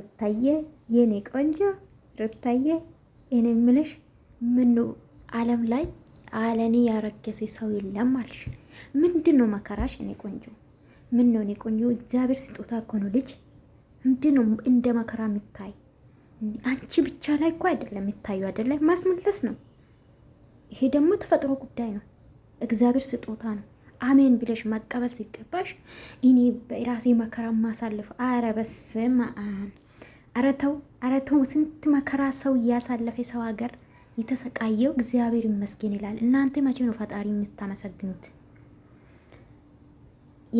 ሩታዬ የኔ ቆንጆ ሩታዬ እኔ ምልሽ ምኑ ዓለም ላይ አለኔ ያረገሰ ሰው የለም አልሽ። ምንድን ነው መከራሽ? እኔ ቆንጆ ምን ነው እኔ ቆንጆ እግዚአብሔር ስጦታ እኮ ነው ልጅ። ምንድን ነው እንደ መከራ የሚታይ? አንቺ ብቻ ላይ እኮ አይደለም የሚታዩ አይደለም፣ ማስመለስ ነው ይሄ። ደግሞ ተፈጥሮ ጉዳይ ነው፣ እግዚአብሔር ስጦታ ነው። አሜን ብለሽ መቀበል ሲገባሽ እኔ በራሴ መከራ ማሳለፍ አረበስም አረተው አረተው ስንት መከራ ሰው እያሳለፈ ሰው ሀገር የተሰቃየው እግዚአብሔር ይመስገን ይላል። እናንተ መቼ ነው ፈጣሪ የምታመሰግኑት?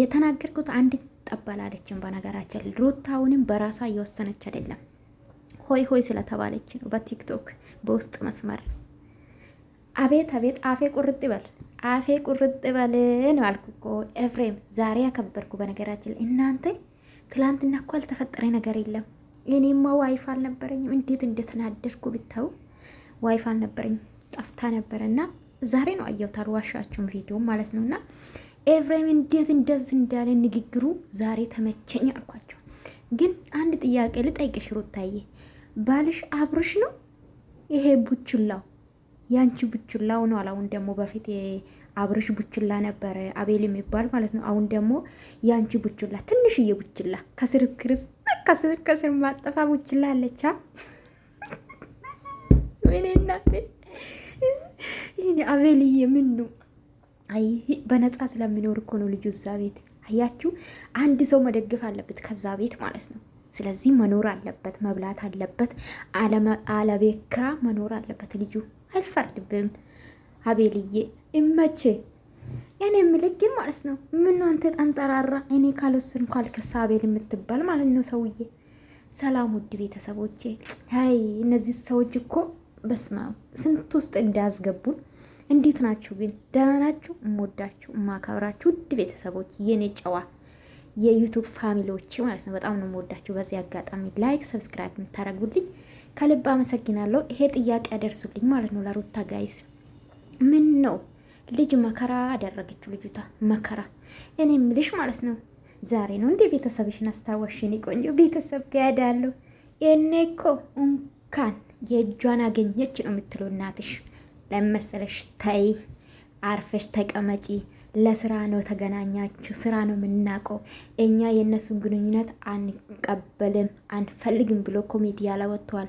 የተናገርኩት አንድ ጠበላለችን። በነገራችን ሩታውንም በራሷ እየወሰነች አይደለም ሆይ ሆይ ስለተባለች ነው። በቲክቶክ በውስጥ መስመር አቤት አቤት አፌ ቁርጥ ይበል፣ አፌ ቁርጥ ይበል ነው አልኩ እኮ ኤፍሬም፣ ዛሬ ያከበርኩ። በነገራችን እናንተ ትላንትና እኮ ያልተፈጠረ ነገር የለም። እኔማ ዋይፍ አልነበረኝም። እንዴት እንደተናደድኩ ብታው ዋይፍ አልነበረኝም፣ ጠፍታ ነበረ እና ዛሬ ነው አየሁት። አልዋሻችሁም፣ ቪዲዮ ማለት ነው እና ኤፍሬም እንዴት እንደዚህ እንዳለ ንግግሩ ዛሬ ተመቸኝ አልኳቸው። ግን አንድ ጥያቄ ልጠይቅሽ ሩታዬ፣ ባልሽ አብርሽ ነው? ይሄ ቡችላው ያንቺ ቡችላው ነው አላሁን ደግሞ በፊት አብርሽ ቡችላ ነበረ አቤል የሚባል ማለት ነው። አሁን ደግሞ ያንቺ ቡችላ ትንሽዬ ቡችላ ከስርስክርስ ከስር ከስር ማጠፋ ውችላለቻ ወይኔ እናቴ ይህኔ አቤልዬ ምን ነው? አይ በነፃ ስለሚኖር እኮ ነው ልጁ እዛ ቤት። አያችሁ አንድ ሰው መደገፍ አለበት ከዛ ቤት ማለት ነው። ስለዚህ መኖር አለበት፣ መብላት አለበት፣ አለቤት መኖር አለበት ልጁ። አይፈርድብም አቤልዬ እመቼ እኔ የምልህ ግን ማለት ነው ምነው አንተ ጠንጠራራ እኔ ካልወሰንኩ አልክሳ አቤል የምትባል ማለት ነው ሰውዬ። ሰላም ውድ ቤተሰቦቼ፣ ሀይ እነዚህ ሰዎች እኮ በስማ ስንት ውስጥ እንዳያስገቡን። እንዴት ናችሁ ግን ደህና ናችሁ? እምወዳችሁ እማከብራችሁ ውድ ቤተሰቦች፣ የኔ ጨዋ የዩቱብ ፋሚሊዎች ማለት ነው በጣም ነው የምወዳችሁ። በዚህ አጋጣሚ ላይክ፣ ሰብስክራይብ የምታደርጉልኝ ከልብ አመሰግናለሁ። ይሄ ጥያቄ ያደርሱልኝ ማለት ነው ለሩታ ጋይስ ምን ነው ልጅ መከራ አደረገችው ልጅቷ መከራ። እኔ የምልሽ ማለት ነው ዛሬ ነው እንዴ ቤተሰብሽን አስታወሽኝ። ቆንጆ ቤተሰብ ከያዳለሁ እኔ እኮ እንኳን የእጇን አገኘች ነው የምትለው እናትሽ። ለመሰለሽ ታይ አርፈሽ ተቀመጪ። ለስራ ነው ተገናኛችሁ፣ ስራ ነው የምናውቀው እኛ የእነሱን ግንኙነት አንቀበልም አንፈልግም ብሎ እኮ ሚዲያ ላይ ወጥቷል።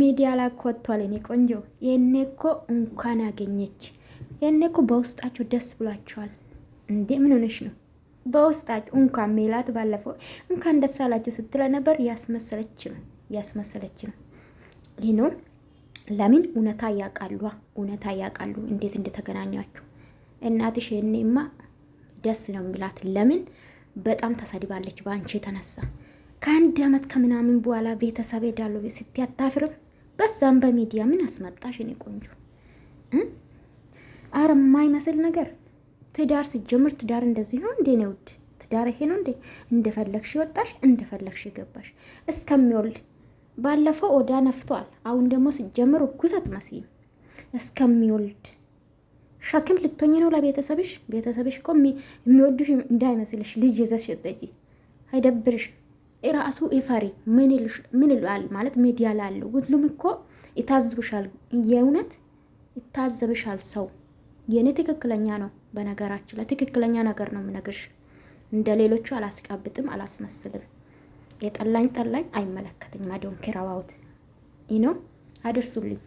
ሚዲያ ላይ እኮ ወጥቷል። እኔ ቆንጆ የኔ እኮ እንኳን አገኘች ያኔ እኮ በውስጣችሁ ደስ ብሏችኋል እንዴ? ምን ሆነሽ ነው? በውስጣችሁ እንኳን ሜላት ባለፈው እንኳን ደስ አላችሁ ስትለ ነበር። ያስመሰለች ነው ያስመሰለች ነው። ይህ ነው ለምን እውነታ ያውቃሉ፣ እውነታ ያቃሉ እንዴት እንደተገናኛችሁ እናትሽ የኔማ ደስ ነው የሚላት። ለምን በጣም ተሰድባለች በአንቺ የተነሳ ከአንድ አመት ከምናምን በኋላ ቤተሰብ ሄዳለሁ ስትያታፍርም? በዛም በሚዲያ ምን አስመጣሽ? እኔ ቆንጆ አረ የማይመስል ነገር ትዳር ሲጀምር ትዳር እንደዚህ ነው እንዴ? ነው ውድ ትዳር ይሄ ነው እንዴ? እንደፈለግሽ ወጣሽ፣ እንደፈለግሽ ገባሽ እስከሚወልድ። ባለፈው ኦዳ ነፍቷል። አሁን ደግሞ ሲጀምር እርጉዝ አትመስይም እስከሚወልድ ሸክም ልትሆኝ ነው ለቤተሰብሽ። ቤተሰብሽ እኮ የሚወዱሽ እንዳይመስልሽ። ልጅ ይዘሽ ጠጪ አይደብርሽ። ራሱ ይፈሪ ምን ይላል ማለት ሚዲያ ላለው ሁሉም እኮ ይታዝብሻል፣ የእውነት ይታዘብሻል ሰው የእኔ ትክክለኛ ነው። በነገራችን ለትክክለኛ ነገር ነው የምነግርሽ። እንደ ሌሎቹ አላስቀብጥም፣ አላስመስልም። የጠላኝ ጠላኝ አይመለከተኝም። አዶን ኬራባውት ይኖ አድርሱልኝ።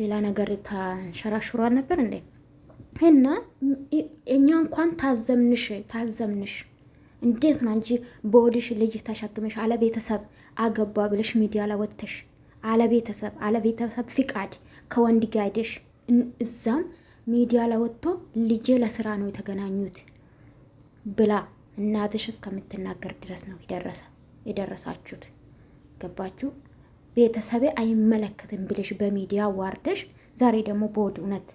ሌላ ነገር ተንሸራሽሯል ነበር እንዴ? እና እኛ እንኳን ታዘምንሽ ታዘምንሽ። እንዴት ነው አንቺ በወዲሽ ልጅ ተሸክመሽ አለ ቤተሰብ አገባ ብለሽ ሚዲያ ላይ ወጥተሽ አለ ቤተሰብ አለ ቤተሰብ ፍቃድ ከወንድ ጋር ሄደሽ እዛም ሚዲያ ላይ ወጥቶ ልጄ ለስራ ነው የተገናኙት ብላ እናትሽ እስከምትናገር ድረስ ነው የደረሰ የደረሳችሁት። ገባችሁ? ቤተሰቤ አይመለከትም ብለሽ በሚዲያ ዋርደሽ፣ ዛሬ ደግሞ በወድ እውነት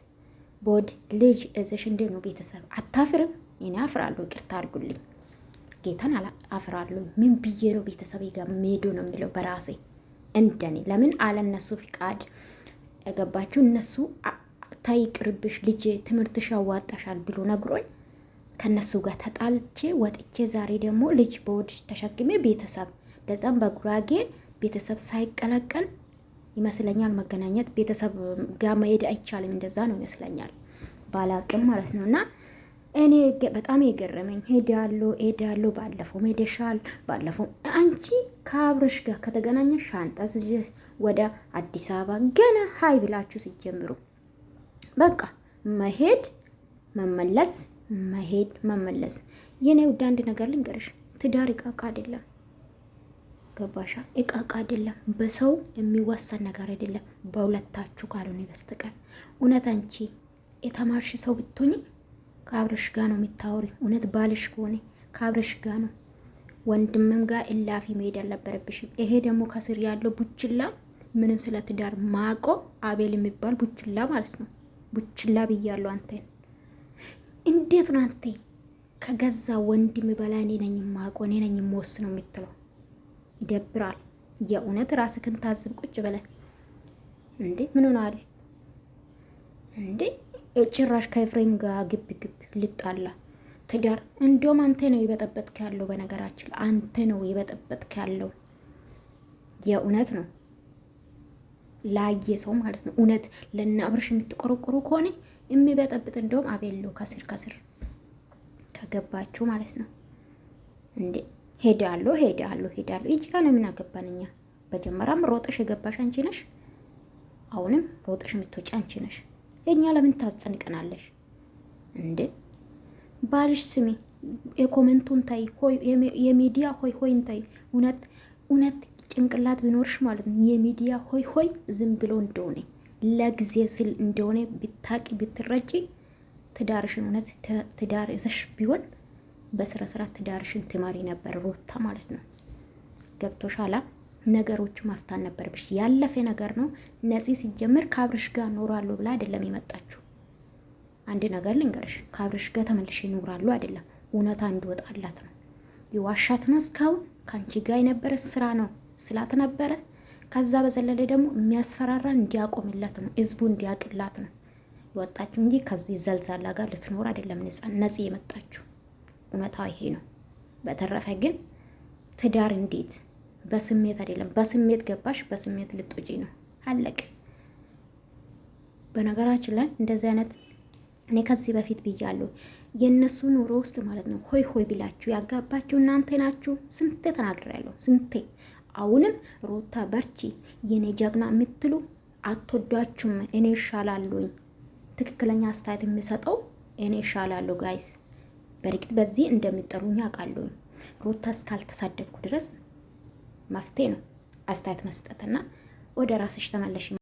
በወድ ልጅ እዘሽ እንዴ ነው ቤተሰብ አታፍርም? እኔ አፍራለሁ። ቅርታ አድርጉልኝ፣ ጌታን አፍራለሁ። ምን ብዬ ነው ቤተሰቤ ጋር መሄዱ ነው የሚለው በራሴ እንደኔ። ለምን አለ እነሱ ፍቃድ ገባችሁ? እነሱ ታይ ቅርብሽ ልጄ ትምህርትሽ ያዋጣሻል ብሎ ነግሮኝ ከነሱ ጋር ተጣልቼ ወጥቼ ዛሬ ደግሞ ልጅ በወድጅ ተሸክሜ ቤተሰብ ለዛም በጉራጌ ቤተሰብ ሳይቀላቀል ይመስለኛል መገናኘት ቤተሰብ ጋር መሄድ አይቻልም። እንደዛ ነው ይመስለኛል ባላቅም ማለት ነው። እና እኔ በጣም የገረመኝ ሄዳለሁ ሄዳለሁ ባለፈው ሄደሻል። ባለፈው አንቺ ከአብርሽ ጋር ከተገናኘ ሻንጣ ወደ አዲስ አበባ ገና ሀይ ብላችሁ ሲጀምሩ በቃ መሄድ መመለስ፣ መሄድ መመለስ። የኔ ውድ አንድ ነገር ልንገርሽ፣ ትዳር ይቃቃ አይደለም። ገባሻ? እቃቃ አይደለም። በሰው የሚወሰን ነገር አይደለም፣ በሁለታችሁ ካልሆነ በስተቀር። እውነት አንቺ የተማርሽ ሰው ብትሆኚ ከአብረሽ ጋ ነው የሚታወሪ። እውነት ባልሽ ከሆነ ከአብረሽ ጋ ነው ወንድምም ጋር እላፊ መሄድ አልነበረብሽም። ይሄ ደግሞ ከስር ያለው ቡችላ ምንም ስለ ትዳር ማቆ አቤል የሚባል ቡችላ ማለት ነው። ቡችላ ብያለሁ። አንተን እንዴት ነው አንተ ከገዛ ወንድም በላይ እኔ ነኝ የማውቀው እኔ ነኝ የምወስነው የምትለው? ይደብራል። የእውነት ራስህን ታዝብ። ቁጭ ብለህ እንዴ ምን ሆናል እንዴ? ጭራሽ ከኤፍሬም ጋር ግብ ግብ ልጣላ ትዳር። እንዲሁም አንተ ነው የበጠበጥክ ያለው። በነገራችን አንተ ነው የበጠበጥክ ያለው። የእውነት ነው ላየ ሰው ማለት ነው። እውነት ለእነ አብርሽ የምትቆረቆሩ ከሆነ የሚበጠብጥ እንደውም አቤሎ ከስር ከስር ከገባችሁ ማለት ነው። እንዴ ሄዳለሁ ሄዳለሁ ሄዳለሁ ይጅራ ነው የምን አገባን እኛ። በጀመራም ሮጠሽ የገባሽ አንቺ ነሽ። አሁንም ሮጠሽ የምትወጪ አንቺ ነሽ። እኛ ለምን ታስጨንቀናለሽ እንዴ? ባልሽ ስሚ፣ የኮመንቱን ታይ፣ የሚዲያ ሆይ ሆይ እንታይ። እውነት እውነት ጭንቅላት ቢኖርሽ ማለት ነው የሚዲያ ሆይ ሆይ ዝም ብሎ እንደሆነ ለጊዜ ስል እንደሆነ ብታቂ ብትረጪ ትዳርሽን እውነት ትዳር ይዘሽ ቢሆን በስረ ስርዓት ትዳርሽን ትመሪ ነበር ሩታ ማለት ነው። ገብቶሻላ። ነገሮቹ ማፍታን ነበረብሽ። ያለፈ ነገር ነው። ነፂ ሲጀምር ከአብርሽ ጋር ኖራሉ ብላ አይደለም የመጣችሁ። አንድ ነገር ልንገርሽ፣ ከአብርሽ ጋር ተመልሽ ይኖራሉ አይደለም፣ እውነታ እንድወጣላት ነው። የዋሻት ነው። እስካሁን ከአንቺ ጋር የነበረ ስራ ነው። ስላት ነበረ። ከዛ በዘለለ ደግሞ የሚያስፈራራ እንዲያቆምላት ነው፣ ህዝቡ እንዲያቅላት ነው የወጣችሁ እንጂ ከዚህ ዘልዛላ ጋር ልትኖር አይደለም ነጽ የመጣችሁ። እውነታዊ ይሄ ነው። በተረፈ ግን ትዳር እንዴት በስሜት አይደለም። በስሜት ገባሽ፣ በስሜት ልትወጪ ነው አለቅ። በነገራችን ላይ እንደዚህ አይነት እኔ ከዚህ በፊት ብያለሁ። የእነሱ ኑሮ ውስጥ ማለት ነው ሆይ ሆይ ብላችሁ ያጋባችሁ እናንተ ናችሁ። ስንቴ ተናግሬያለሁ፣ ስንቴ አሁንም ሩታ በርቺ፣ የኔ ጀግና የምትሉ አትወዷችሁም። እኔ ይሻላሉኝ ትክክለኛ አስተያየት የሚሰጠው እኔ ይሻላሉ ጋይስ። በእርግጥ በዚህ እንደሚጠሩኝ አውቃለሁኝ። ሩታ እስካልተሳደብኩ ድረስ መፍትሄ ነው አስተያየት መስጠትና ወደ ራስሽ ተመለሽ።